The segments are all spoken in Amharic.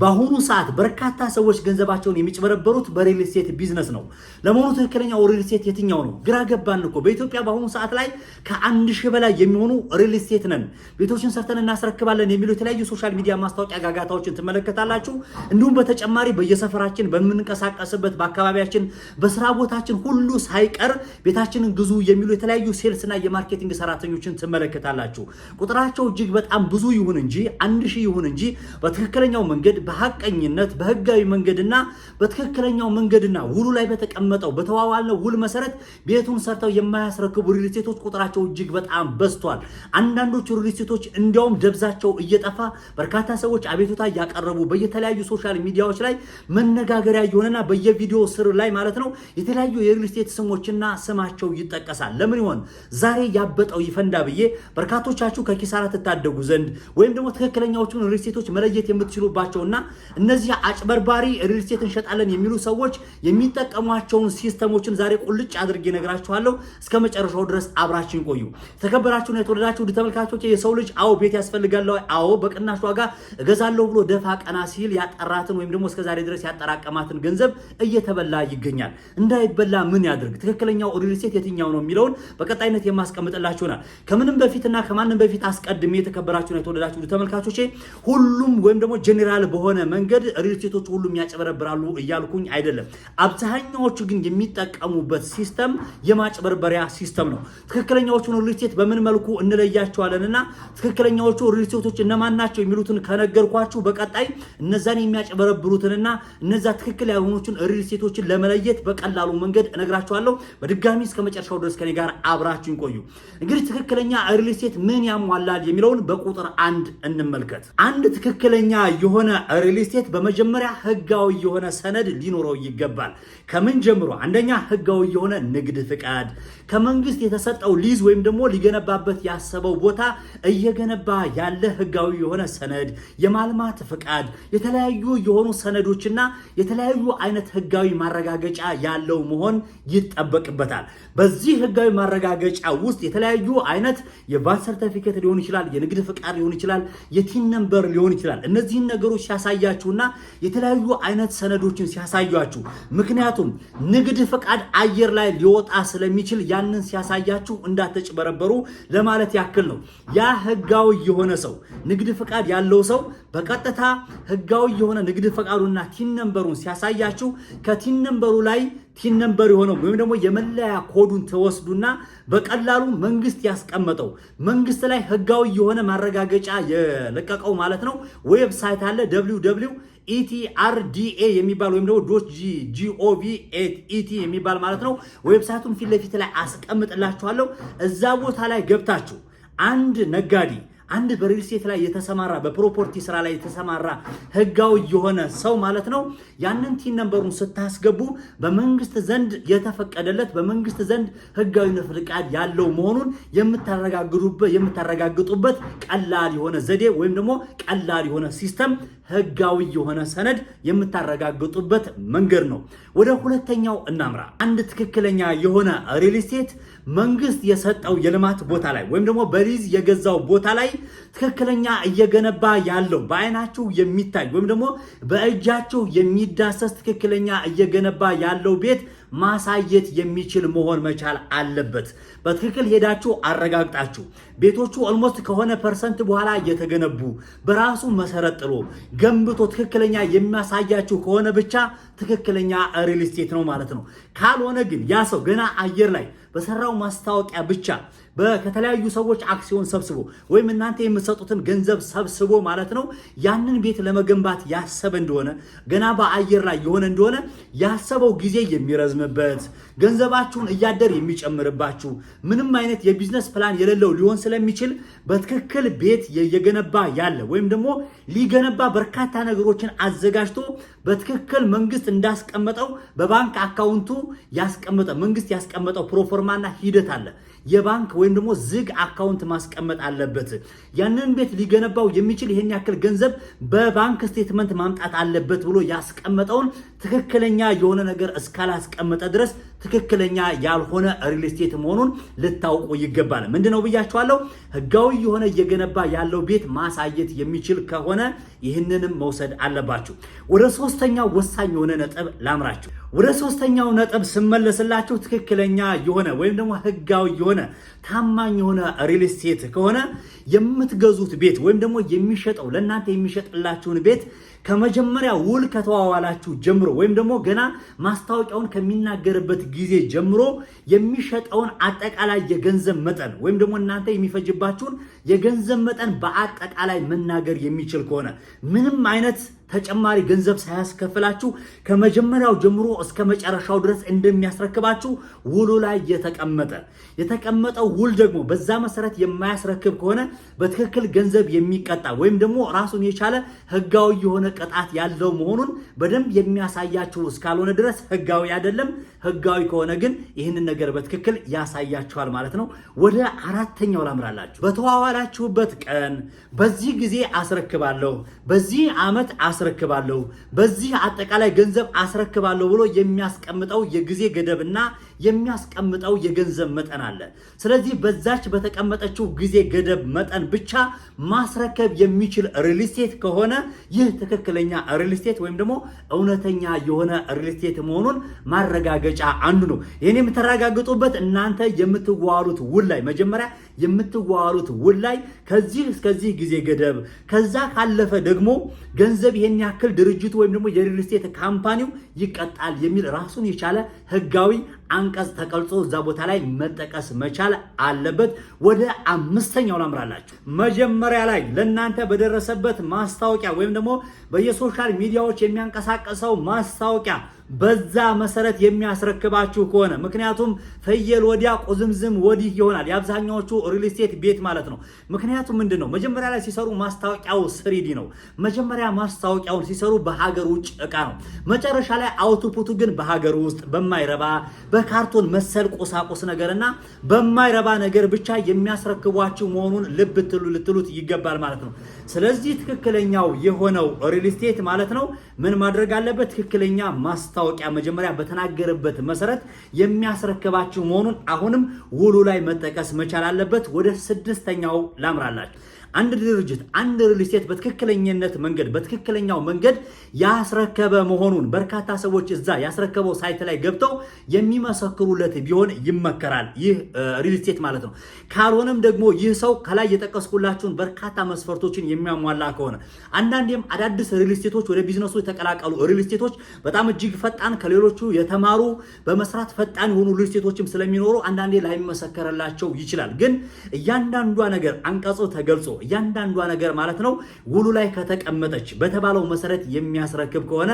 በአሁኑ ሰዓት በርካታ ሰዎች ገንዘባቸውን የሚጭበረበሩት በሪል ስቴት ቢዝነስ ነው። ለመሆኑ ትክክለኛው ሪል ስቴት የትኛው ነው? ግራ ገባን እኮ። በኢትዮጵያ በአሁኑ ሰዓት ላይ ከአንድ ሺህ በላይ የሚሆኑ ሪል ስቴት ነን፣ ቤቶችን ሰርተን እናስረክባለን የሚሉ የተለያዩ ሶሻል ሚዲያ ማስታወቂያ ጋጋታዎችን ትመለከታላችሁ። እንዲሁም በተጨማሪ በየሰፈራችን በምንንቀሳቀስበት፣ በአካባቢያችን፣ በስራ ቦታችን ሁሉ ሳይቀር ቤታችንን ግዙ የሚሉ የተለያዩ ሴልስና የማርኬቲንግ ሰራተኞችን ትመለከታላችሁ። ቁጥራቸው እጅግ በጣም ብዙ ይሁን እንጂ አንድ ሺህ ይሁን እንጂ በትክክለኛው መንገድ በሐቀኝነት በህጋዊ መንገድና በትክክለኛው መንገድና ውሉ ላይ በተቀመጠው በተዋዋለው ውል መሰረት ቤቱን ሰርተው የማያስረክቡ ሪልስቴቶች ቁጥራቸው እጅግ በጣም በዝቷል። አንዳንዶቹ ሪልስቴቶች እንዲያውም ደብዛቸው እየጠፋ በርካታ ሰዎች አቤቱታ እያቀረቡ በየተለያዩ ሶሻል ሚዲያዎች ላይ መነጋገሪያ እየሆነና በየቪዲዮ ስር ላይ ማለት ነው የተለያዩ የሪልስቴት ስሞችና ስማቸው ይጠቀሳል። ለምን ይሆን ዛሬ ያበጠው ይፈንዳ ብዬ በርካቶቻችሁ ከኪሳራ ትታደጉ ዘንድ ወይም ደግሞ ትክክለኛዎቹን ሪልስቴቶች መለየት የምትችሉባቸውና እነዚህ አጭበርባሪ ሪልስቴት እንሸጣለን የሚሉ ሰዎች የሚጠቀሟቸውን ሲስተሞችን ዛሬ ቁልጭ አድርጌ ነግራችኋለሁ። እስከ መጨረሻው ድረስ አብራችን ቆዩ። ተከበራችሁና የተወደዳችሁ ውድ ተመልካቾች፣ የሰው ልጅ አዎ ቤት ያስፈልጋል። አዎ በቅናሽ ዋጋ እገዛለሁ ብሎ ደፋ ቀና ሲል ያጠራትን ወይም ደግሞ እስከዛሬ ድረስ ያጠራቀማትን ገንዘብ እየተበላ ይገኛል። እንዳይበላ ምን ያድርግ? ትክክለኛው ሪልስቴት የትኛው ነው የሚለውን በቀጣይነት የማስቀምጥላችሁናል። ከምንም በፊትና ከማንም በፊት አስቀድሜ የተከበራችሁና የተወደዳችሁ ተመልካቾች ሁሉም ወይም ደግሞ ጄኔራል በሆነ በሆነ መንገድ ሪልስቴቶች ሁሉም ያጭበረብራሉ እያልኩኝ አይደለም። አብዛኛዎቹ ግን የሚጠቀሙበት ሲስተም የማጭበርበሪያ ሲስተም ነው። ትክክለኛዎቹን ሪልስቴት በምን መልኩ እንለያቸዋለን እና ትክክለኛዎቹ ሪልስቴቶች እነማን ናቸው የሚሉትን ከነገርኳችሁ በቀጣይ እነዛን የሚያጭበረብሩትንና እነዛ ትክክል ያልሆኑትን ሪልስቴቶችን ለመለየት በቀላሉ መንገድ እነግራችኋለሁ። በድጋሚ እስከ መጨረሻው ድረስ ከኔ ጋር አብራችሁን ቆዩ። እንግዲህ ትክክለኛ ሪልስቴት ምን ያሟላል የሚለውን በቁጥር አንድ እንመልከት። አንድ ትክክለኛ የሆነ ሪል ስቴት በመጀመሪያ ህጋዊ የሆነ ሰነድ ሊኖረው ይገባል። ከምን ጀምሮ? አንደኛ ህጋዊ የሆነ ንግድ ፍቃድ፣ ከመንግስት የተሰጠው ሊዝ ወይም ደግሞ ሊገነባበት ያሰበው ቦታ እየገነባ ያለ ህጋዊ የሆነ ሰነድ፣ የማልማት ፍቃድ፣ የተለያዩ የሆኑ ሰነዶችና የተለያዩ አይነት ህጋዊ ማረጋገጫ ያለው መሆን ይጠበቅበታል። በዚህ ህጋዊ ማረጋገጫ ውስጥ የተለያዩ አይነት የቫት ሰርተፊኬት ሊሆን ይችላል፣ የንግድ ፍቃድ ሊሆን ይችላል፣ የቲን ነምበር ሊሆን ይችላል። እነዚህን ነገሮች ሲያሳ ሲያሳያችሁና የተለያዩ አይነት ሰነዶችን ሲያሳያችሁ፣ ምክንያቱም ንግድ ፈቃድ አየር ላይ ሊወጣ ስለሚችል ያንን ሲያሳያችሁ እንዳትጭበረበሩ ለማለት ያክል ነው። ያ ህጋዊ የሆነ ሰው ንግድ ፈቃድ ያለው ሰው በቀጥታ ህጋዊ የሆነ ንግድ ፈቃዱና ቲን ነንበሩን ሲያሳያችሁ ከቲን ነንበሩ ላይ ቲን ነምበር የሆነው ወይም ደግሞ የመለያ ኮዱን ተወስዱና በቀላሉ መንግስት ያስቀመጠው መንግስት ላይ ህጋዊ የሆነ ማረጋገጫ የለቀቀው ማለት ነው ዌብሳይት አለ ደብሊው ኢቲአርዲኤ የሚባል ወይም ደግሞ ዶች ጂኦቪ ኢቲ የሚባል ማለት ነው። ዌብሳይቱን ፊት ለፊት ላይ አስቀምጥላችኋለሁ። እዛ ቦታ ላይ ገብታችሁ አንድ ነጋዴ አንድ በሪል ስቴት ላይ የተሰማራ በፕሮፖርቲ ስራ ላይ የተሰማራ ህጋዊ የሆነ ሰው ማለት ነው። ያንን ቲን ነንበሩን ስታስገቡ በመንግስት ዘንድ የተፈቀደለት በመንግስት ዘንድ ህጋዊ ፍቃድ ያለው መሆኑን የምታረጋግጡበት ቀላል የሆነ ዘዴ ወይም ደግሞ ቀላል የሆነ ሲስተም ህጋዊ የሆነ ሰነድ የምታረጋግጡበት መንገድ ነው። ወደ ሁለተኛው እናምራ። አንድ ትክክለኛ የሆነ ሪል ስቴት መንግስት የሰጠው የልማት ቦታ ላይ ወይም ደግሞ በሊዝ የገዛው ቦታ ላይ ትክክለኛ እየገነባ ያለው በአይናችሁ የሚታይ ወይም ደግሞ በእጃችሁ የሚዳሰስ ትክክለኛ እየገነባ ያለው ቤት ማሳየት የሚችል መሆን መቻል አለበት። በትክክል ሄዳችሁ አረጋግጣችሁ ቤቶቹ ኦልሞስት ከሆነ ፐርሰንት በኋላ እየተገነቡ በራሱ መሰረት ጥሎ ገንብቶ ትክክለኛ የሚያሳያችሁ ከሆነ ብቻ ትክክለኛ ሪል ስቴት ነው ማለት ነው። ካልሆነ ግን ያ ሰው ገና አየር ላይ በሰራው ማስታወቂያ ብቻ ከተለያዩ ሰዎች አክሲዮን ሰብስቦ ወይም እናንተ የምትሰጡትን ገንዘብ ሰብስቦ ማለት ነው ያንን ቤት ለመገንባት ያሰበ እንደሆነ ገና በአየር ላይ የሆነ እንደሆነ ያሰበው ጊዜ የሚረዝምበት ገንዘባችሁን እያደር የሚጨምርባችሁ ምንም አይነት የቢዝነስ ፕላን የሌለው ሊሆን ስለሚችል በትክክል ቤት እየገነባ ያለ ወይም ደግሞ ሊገነባ በርካታ ነገሮችን አዘጋጅቶ በትክክል መንግስት እንዳስቀመጠው በባንክ አካውንቱ ያስቀመጠ መንግስት ያስቀመጠው ፕሮፎርማና ሂደት አለ። የባንክ ወይም ደግሞ ዝግ አካውንት ማስቀመጥ አለበት። ያንን ቤት ሊገነባው የሚችል ይሄን ያክል ገንዘብ በባንክ ስቴትመንት ማምጣት አለበት ብሎ ያስቀመጠውን ትክክለኛ የሆነ ነገር እስካላስቀመጠ ድረስ ትክክለኛ ያልሆነ ሪል ስቴት መሆኑን ልታውቁ ይገባል። ምንድን ነው ብያችኋለሁ? ህጋዊ የሆነ እየገነባ ያለው ቤት ማሳየት የሚችል ከሆነ ይህንንም መውሰድ አለባችሁ። ወደ ሶስተኛው ወሳኝ የሆነ ነጥብ ላምራችሁ። ወደ ሶስተኛው ነጥብ ስመለስላችሁ ትክክለኛ የሆነ ወይም ደግሞ ህጋዊ የሆነ ታማኝ የሆነ ሪል ስቴት ከሆነ የምትገዙት ቤት ወይም ደግሞ የሚሸጠው ለእናንተ የሚሸጥላችሁን ቤት ከመጀመሪያ ውል ከተዋዋላችሁ ጀምሮ ወይም ደግሞ ገና ማስታወቂያውን ከሚናገርበት ጊዜ ጀምሮ የሚሸጠውን አጠቃላይ የገንዘብ መጠን ወይም ደግሞ እናንተ የሚፈጅባችሁን የገንዘብ መጠን በአጠቃላይ መናገር የሚችል ከሆነ ምንም አይነት ተጨማሪ ገንዘብ ሳያስከፍላችሁ ከመጀመሪያው ጀምሮ እስከ መጨረሻው ድረስ እንደሚያስረክባችሁ ውሉ ላይ የተቀመጠ የተቀመጠው ውል ደግሞ በዛ መሰረት የማያስረክብ ከሆነ በትክክል ገንዘብ የሚቀጣ ወይም ደግሞ ራሱን የቻለ ሕጋዊ የሆነ ቅጣት ያለው መሆኑን በደንብ የሚያሳያችሁ እስካልሆነ ድረስ ሕጋዊ አይደለም። ሕጋዊ ከሆነ ግን ይህንን ነገር በትክክል ያሳያችኋል ማለት ነው። ወደ አራተኛው ላምራላችሁ። በተዋዋላችሁበት ቀን በዚህ ጊዜ አስረክባለሁ፣ በዚህ ዓመት አስረክባለሁ፣ በዚህ አጠቃላይ ገንዘብ አስረክባለሁ ብሎ የሚያስቀምጠው የጊዜ ገደብና የሚያስቀምጠው የገንዘብ መጠን አለ። ስለዚህ በዛች በተቀመጠችው ጊዜ ገደብ መጠን ብቻ ማስረከብ የሚችል ሪልስቴት ከሆነ ይህ ትክክለኛ ሪልስቴት ወይም ደግሞ እውነተኛ የሆነ ሪልስቴት መሆኑን ማረጋገጫ አንዱ ነው። ይህን የምትረጋግጡበት እናንተ የምትዋዋሉት ውል ላይ መጀመሪያ የምትዋዋሉት ውል ላይ ከዚህ እስከዚህ ጊዜ ገደብ ከዛ ካለፈ ደግሞ ገንዘብ ይሄን ያክል ድርጅቱ ወይም ደግሞ የሪልስቴት ካምፓኒው ይቀጣል የሚል ራሱን የቻለ ህጋዊ አንቀጽ ተቀልጾ እዛ ቦታ ላይ መጠቀስ መቻል አለበት። ወደ አምስተኛው ላምራላችሁ። መጀመሪያ ላይ ለእናንተ በደረሰበት ማስታወቂያ ወይም ደግሞ በየሶሻል ሚዲያዎች የሚያንቀሳቀሰው ማስታወቂያ በዛ መሰረት የሚያስረክባችሁ ከሆነ ምክንያቱም ፍየል ወዲያ ቁዝምዝም ወዲህ ይሆናል። የአብዛኛዎቹ ሪል ስቴት ቤት ማለት ነው። ምክንያቱም ምንድን ነው መጀመሪያ ላይ ሲሰሩ ማስታወቂያው ስሪዲ ነው። መጀመሪያ ማስታወቂያውን ሲሰሩ በሀገር ውጭ እቃ ነው። መጨረሻ ላይ አውትፑቱ ግን በሀገር ውስጥ በማይረባ በካርቶን መሰል ቁሳቁስ ነገር እና በማይረባ ነገር ብቻ የሚያስረክቧችሁ መሆኑን ልብ ትሉ ልትሉት ይገባል ማለት ነው። ስለዚህ ትክክለኛው የሆነው ሪል ስቴት ማለት ነው ምን ማድረግ አለበት? ትክክለኛ ማስታ ማስታወቂያ መጀመሪያ በተናገረበት መሰረት የሚያስረክባችሁ መሆኑን አሁንም ውሉ ላይ መጠቀስ መቻል አለበት። ወደ ስድስተኛው ላምራላችሁ። አንድ ድርጅት አንድ ሪልስቴት በትክክለኛነት መንገድ በትክክለኛው መንገድ ያስረከበ መሆኑን በርካታ ሰዎች እዛ ያስረከበው ሳይት ላይ ገብተው የሚመሰክሩለት ቢሆን ይመከራል። ይህ ሪል ስቴት ማለት ነው። ካልሆነም ደግሞ ይህ ሰው ከላይ የጠቀስኩላችሁን በርካታ መስፈርቶችን የሚያሟላ ከሆነ አንዳንዴም አዳዲስ ሪል ስቴቶች ወደ ቢዝነሱ የተቀላቀሉ ሪል ስቴቶች በጣም እጅግ ፈጣን ከሌሎቹ የተማሩ በመስራት ፈጣን የሆኑ ሪልስቴቶችም ስለሚኖሩ አንዳንዴ ላይመሰከርላቸው ይችላል። ግን እያንዳንዷ ነገር አንቀጾ ተገልጾ እያንዳንዷ ነገር ማለት ነው ውሉ ላይ ከተቀመጠች በተባለው መሰረት የሚያስረክብ ከሆነ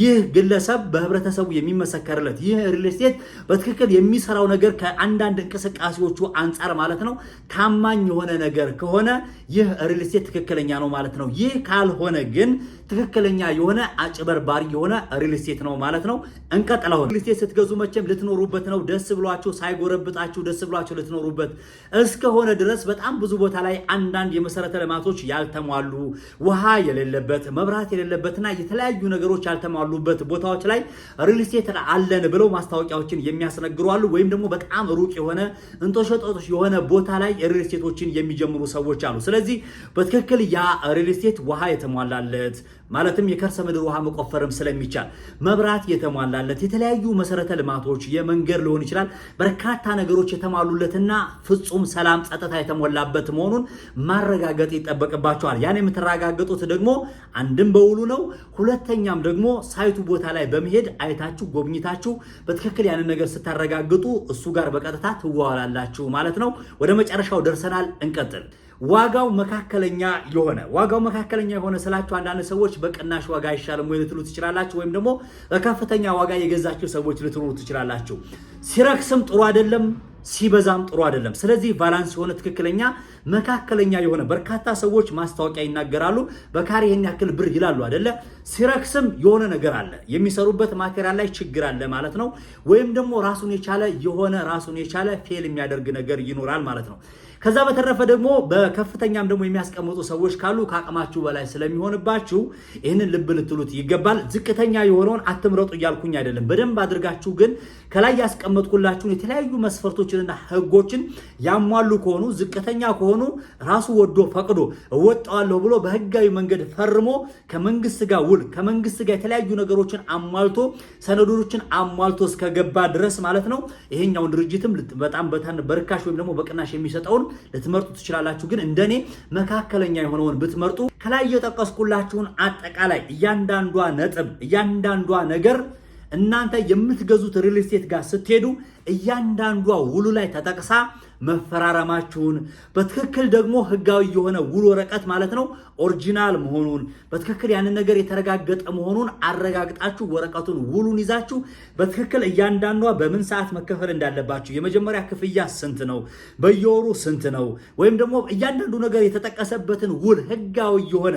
ይህ ግለሰብ በህብረተሰቡ የሚመሰከርለት ይህ ሪል ስቴት በትክክል የሚሰራው ነገር ከአንዳንድ እንቅስቃሴዎቹ አንጻር ማለት ነው ታማኝ የሆነ ነገር ከሆነ ይህ ሪል ስቴት ትክክለኛ ነው ማለት ነው። ይህ ካልሆነ ግን ትክክለኛ የሆነ አጭበርባሪ የሆነ ሪል ስቴት ነው ማለት ነው። እንቀጥለው። ሪል ስቴት ስትገዙ መቼም ልትኖሩበት ነው፣ ደስ ብሏችሁ ሳይጎረብጣችሁ፣ ደስ ብሏችሁ ልትኖሩበት እስከሆነ ድረስ በጣም ብዙ ቦታ ላይ አንዳንድ የመሰረተ ልማቶች ያልተሟሉ፣ ውሃ የሌለበት፣ መብራት የሌለበትና የተለያዩ ነገሮች ያልተሟሉበት ቦታዎች ላይ ሪል ስቴት አለን ብለው ማስታወቂያዎችን የሚያስነግሩ አሉ። ወይም ደግሞ በጣም ሩቅ የሆነ እንጦሸጦጦች የሆነ ቦታ ላይ ሪል ስቴቶችን የሚጀምሩ ሰዎች አሉ። ስለዚህ በትክክል ያ ሪል ስቴት ውሃ የተሟላለት ማለትም የከርሰ ምድር ውሃ መቆፈርም ስለሚቻል መብራት የተሟላለት የተለያዩ መሰረተ ልማቶች የመንገድ ሊሆን ይችላል በርካታ ነገሮች የተሟሉለትና ፍጹም ሰላም ጸጥታ የተሞላበት መሆኑን ማረጋገጥ ይጠበቅባቸዋል። ያን የምትረጋገጡት ደግሞ አንድም በውሉ ነው፣ ሁለተኛም ደግሞ ሳይቱ ቦታ ላይ በመሄድ አይታችሁ ጎብኝታችሁ በትክክል ያንን ነገር ስታረጋግጡ እሱ ጋር በቀጥታ ትዋዋላላችሁ ማለት ነው። ወደ መጨረሻው ደርሰናል። እንቀጥል። ዋጋው መካከለኛ የሆነ ዋጋው መካከለኛ የሆነ ስላችሁ አንዳንድ ሰዎች በቅናሽ ዋጋ አይሻልም ወይ ልትሉ ትችላላችሁ። ወይም ደግሞ በከፍተኛ ዋጋ የገዛችሁ ሰዎች ልትሉ ትችላላችሁ። ሲረክስም ጥሩ አይደለም፣ ሲበዛም ጥሩ አይደለም። ስለዚህ ባላንስ የሆነ ትክክለኛ መካከለኛ የሆነ በርካታ ሰዎች ማስታወቂያ ይናገራሉ። በካሬ ይህን ያክል ብር ይላሉ አይደለ? ሲረክስም የሆነ ነገር አለ፣ የሚሰሩበት ማቴሪያል ላይ ችግር አለ ማለት ነው። ወይም ደግሞ ራሱን የቻለ የሆነ ራሱን የቻለ ፌል የሚያደርግ ነገር ይኖራል ማለት ነው። ከዛ በተረፈ ደግሞ በከፍተኛም ደግሞ የሚያስቀምጡ ሰዎች ካሉ ከአቅማችሁ በላይ ስለሚሆንባችሁ ይህንን ልብ ልትሉት ይገባል። ዝቅተኛ የሆነውን አትምረጡ እያልኩኝ አይደለም። በደንብ አድርጋችሁ ግን ከላይ ያስቀመጥኩላችሁን የተለያዩ መስፈርቶችንና ሕጎችን ያሟሉ ከሆኑ ዝቅተኛ ከሆኑ ራሱ ወዶ ፈቅዶ እወጣዋለሁ ብሎ በህጋዊ መንገድ ፈርሞ ከመንግስት ጋር ውል ከመንግስት ጋር የተለያዩ ነገሮችን አሟልቶ ሰነዶችን አሟልቶ እስከገባ ድረስ ማለት ነው ይሄኛውን ድርጅትም በጣም በርካሽ ወይም ደግሞ በቅናሽ የሚሰጠውን ልትመርጡ ትችላላችሁ። ግን እንደኔ መካከለኛ የሆነውን ብትመርጡ ከላይ እየጠቀስኩላችሁን አጠቃላይ እያንዳንዷ ነጥብ እያንዳንዷ ነገር እናንተ የምትገዙት ሪል ስቴት ጋር ስትሄዱ እያንዳንዷ ውሉ ላይ ተጠቅሳ መፈራረማችሁን በትክክል ደግሞ ህጋዊ የሆነ ውል ወረቀት ማለት ነው ኦሪጂናል መሆኑን በትክክል ያንን ነገር የተረጋገጠ መሆኑን አረጋግጣችሁ ወረቀቱን ውሉን ይዛችሁ በትክክል እያንዳንዷ በምን ሰዓት መከፈል እንዳለባችሁ የመጀመሪያ ክፍያ ስንት ነው፣ በየወሩ ስንት ነው፣ ወይም ደግሞ እያንዳንዱ ነገር የተጠቀሰበትን ውል ህጋዊ የሆነ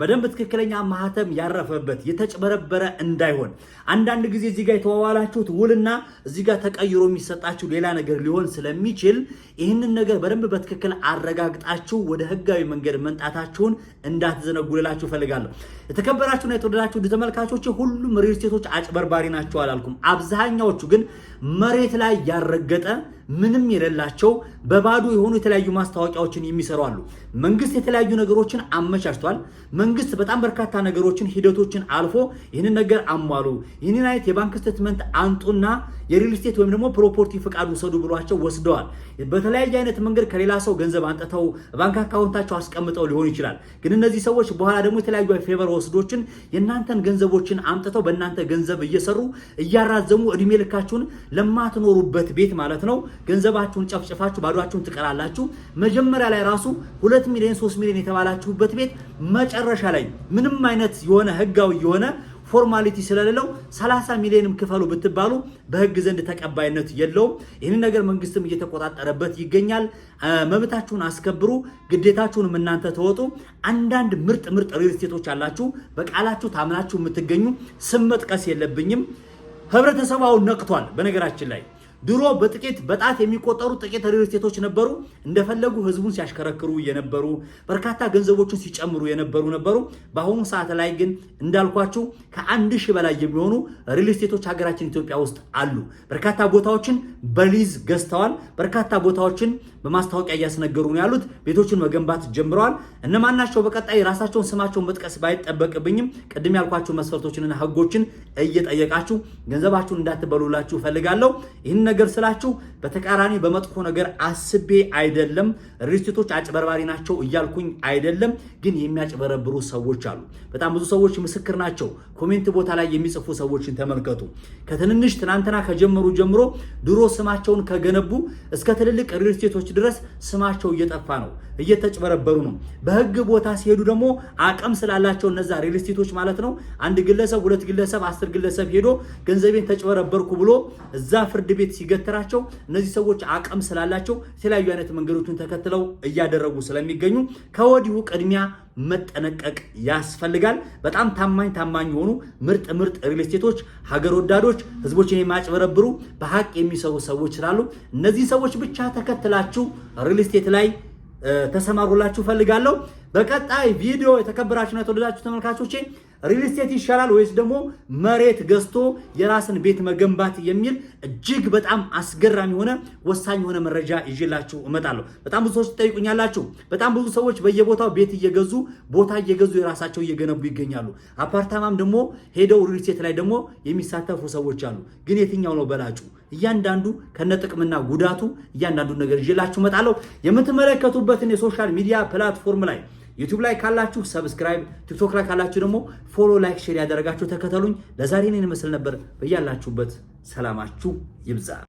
በደንብ ትክክለኛ ማህተም ያረፈበት የተጭበረበረ እንዳይሆን። አንዳንድ ጊዜ እዚህ ጋር የተዋዋላችሁት ውልና እዚህ ጋር ተቀይሮ የሚሰጣችሁ ሌላ ነገር ሊሆን ስለሚችል ይህንን ነገር በደንብ በትክክል አረጋግጣችሁ ወደ ህጋዊ መንገድ መንጣታችሁን እንዳትዘነጉልላችሁ ልላችሁ እፈልጋለሁ። የተከበራችሁና የተወደዳችሁ ውድ ተመልካቾች ሁሉም ሪል ስቴቶች አጭበርባሪ ናቸው አላልኩም። አብዛኛዎቹ ግን መሬት ላይ ያረገጠ ምንም የሌላቸው በባዶ የሆኑ የተለያዩ ማስታወቂያዎችን የሚሰሩ አሉ። መንግስት የተለያዩ ነገሮችን አመቻችቷል። መንግስት በጣም በርካታ ነገሮችን ሂደቶችን አልፎ ይህንን ነገር አሟሉ፣ ይህንን አይነት የባንክ ስቴትመንት አንጡና የሪል ስቴት ወይም ደግሞ ፕሮፖርቲ ፍቃድ ውሰዱ ብሏቸው ወስደዋል። በተለያየ አይነት መንገድ ከሌላ ሰው ገንዘብ አንጥተው ባንክ አካውንታቸው አስቀምጠው ሊሆን ይችላል። ግን እነዚህ ሰዎች በኋላ ደግሞ የተለያዩ ፌቨር ወስዶችን የእናንተን ገንዘቦችን አምጥተው በእናንተ ገንዘብ እየሰሩ እያራዘሙ እድሜ ልካችሁን ለማትኖሩበት ቤት ማለት ነው ገንዘባችሁን ጨፍጭፋችሁ ባዷችሁን ትቀራላችሁ። መጀመሪያ ላይ ራሱ ሁለት ሚሊዮን ሶስት ሚሊዮን የተባላችሁበት ቤት መጨረሻ ላይ ምንም አይነት የሆነ ህጋዊ የሆነ ፎርማሊቲ ስለሌለው 30 ሚሊዮንም ክፈሉ ብትባሉ በህግ ዘንድ ተቀባይነት የለውም። ይህንን ነገር መንግስትም እየተቆጣጠረበት ይገኛል። መብታችሁን አስከብሩ፣ ግዴታችሁንም እናንተ ተወጡ። አንዳንድ ምርጥ ምርጥ ሪልስቴቶች አላችሁ፣ በቃላችሁ ታምናችሁ የምትገኙ ስም መጥቀስ የለብኝም። ህብረተሰቡ አሁን ነቅቷል። በነገራችን ላይ ድሮ በጥቂት በጣት የሚቆጠሩ ጥቂት ሪል ስቴቶች ነበሩ። እንደፈለጉ ህዝቡን ሲያሽከረክሩ የነበሩ በርካታ ገንዘቦችን ሲጨምሩ የነበሩ ነበሩ። በአሁኑ ሰዓት ላይ ግን እንዳልኳችሁ ከአንድ ሺህ በላይ የሚሆኑ ሪል ስቴቶች ሀገራችን ኢትዮጵያ ውስጥ አሉ። በርካታ ቦታዎችን በሊዝ ገዝተዋል። በርካታ ቦታዎችን በማስታወቂያ እያስነገሩ ነው ያሉት። ቤቶቹን መገንባት ጀምረዋል። እነማናቸው በቀጣይ ራሳቸውን ስማቸውን መጥቀስ ባይጠበቅብኝም ቅድም ያልኳቸው መስፈርቶችንና ህጎችን እየጠየቃችሁ ገንዘባችሁን እንዳትበሉላችሁ ፈልጋለሁ። ይህን ነገር ስላችሁ በተቃራኒ በመጥፎ ነገር አስቤ አይደለም። ሪስቶች አጭበርባሪ ናቸው እያልኩኝ አይደለም። ግን የሚያጭበረብሩ ሰዎች አሉ። በጣም ብዙ ሰዎች ምስክር ናቸው። ኮሜንት ቦታ ላይ የሚጽፉ ሰዎችን ተመልከቱ። ከትንንሽ ትናንትና ከጀመሩ ጀምሮ ድሮ ስማቸውን ከገነቡ እስከ ትልልቅ ሪስቶች ድረስ ስማቸው እየጠፋ ነው፣ እየተጭበረበሩ ነው። በህግ ቦታ ሲሄዱ ደግሞ አቅም ስላላቸው እነዛ ሪልስቴቶች ማለት ነው አንድ ግለሰብ፣ ሁለት ግለሰብ፣ አስር ግለሰብ ሄዶ ገንዘቤን ተጭበረበርኩ ብሎ እዛ ፍርድ ቤት ሲገትራቸው እነዚህ ሰዎች አቅም ስላላቸው የተለያዩ አይነት መንገዶችን ተከትለው እያደረጉ ስለሚገኙ ከወዲሁ ቅድሚያ መጠነቀቅ ያስፈልጋል። በጣም ታማኝ ታማኝ የሆኑ ምርጥ ምርጥ ሪል ስቴቶች፣ ሀገር ወዳዶች፣ ህዝቦችን የማጭበረብሩ በሀቅ የሚሰሩ ሰዎች ስላሉ እነዚህ ሰዎች ብቻ ተከትላችሁ ሪል ስቴት ላይ ተሰማሩላችሁ ፈልጋለሁ። በቀጣይ ቪዲዮ የተከበራችሁና የተወደዳችሁ ተመልካቾቼ ሪል ስቴት ይሻላል ወይስ ደግሞ መሬት ገዝቶ የራስን ቤት መገንባት የሚል እጅግ በጣም አስገራሚ የሆነ ወሳኝ የሆነ መረጃ ይዤላችሁ እመጣለሁ። በጣም ብዙ ሰዎች ትጠይቁኛላችሁ። በጣም ብዙ ሰዎች በየቦታው ቤት እየገዙ ቦታ እየገዙ የራሳቸው እየገነቡ ይገኛሉ። አፓርታማም ደግሞ ሄደው ሪል ስቴት ላይ ደግሞ የሚሳተፉ ሰዎች አሉ። ግን የትኛው ነው በላጩ? እያንዳንዱ ከነጥቅምና ጉዳቱ እያንዳንዱ ነገር ይዤላችሁ እመጣለሁ። የምትመለከቱበትን የሶሻል ሚዲያ ፕላትፎርም ላይ ዩቲዩብ ላይ ካላችሁ ሰብስክራይብ፣ ቲክቶክ ላይ ካላችሁ ደግሞ ፎሎ፣ ላይክ፣ ሼር ያደረጋችሁ ተከተሉኝ። ለዛሬ እኔን ይመስል ነበር። በያላችሁበት ሰላማችሁ ይብዛ።